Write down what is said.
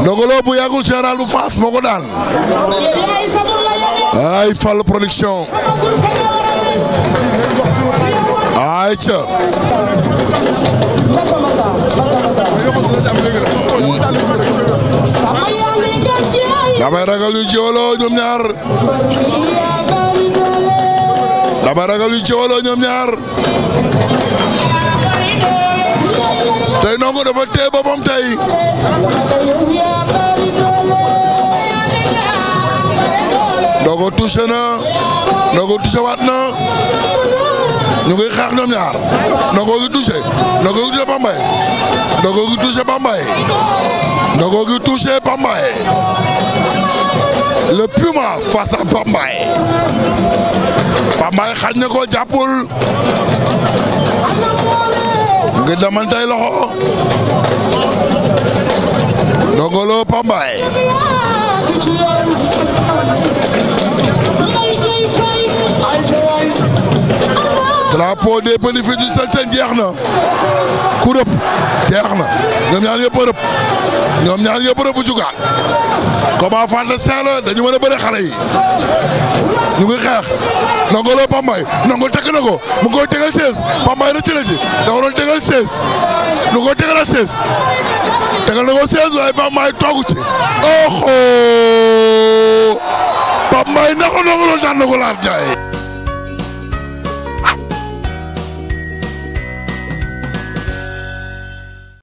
Ndogolo bu yàggul général bu Fass moo ko daan ay Fall production ay ca damay ragal ragal yu jiwaloo ñoom ñaar tey nongo dafa tee boppam tey Ndogo touché na Ndogo touché waat na ñu ngi xeex ñoom ñaar Ndogo gi touché Ndogo gi touché Bambaye Ndogo gi touché Bambaye Ndogo gi touché Bambaye le Puma face à Bambaye na ko jàppul ñu ngi damantay loxo Ndongo Lo Bambaye drapeau des petits fils du Sène jeex na ku rëpp jeex na ñoom ñaar yëpp a rëpp ñoom ñaar yëpp a rëpp jugaat combat fantassin la dañu mën a bëre xale yi ñu ngi xeex nangu loo Pambay nangu tekk na ko mu ngi koy tegal 16 Pambay rëcc na ci da nga doon tegal 16 lu ko tegalal 16 tegal na ko 16 waaye Pambay toogu ci oh oh Pambay naka nangu loo daan na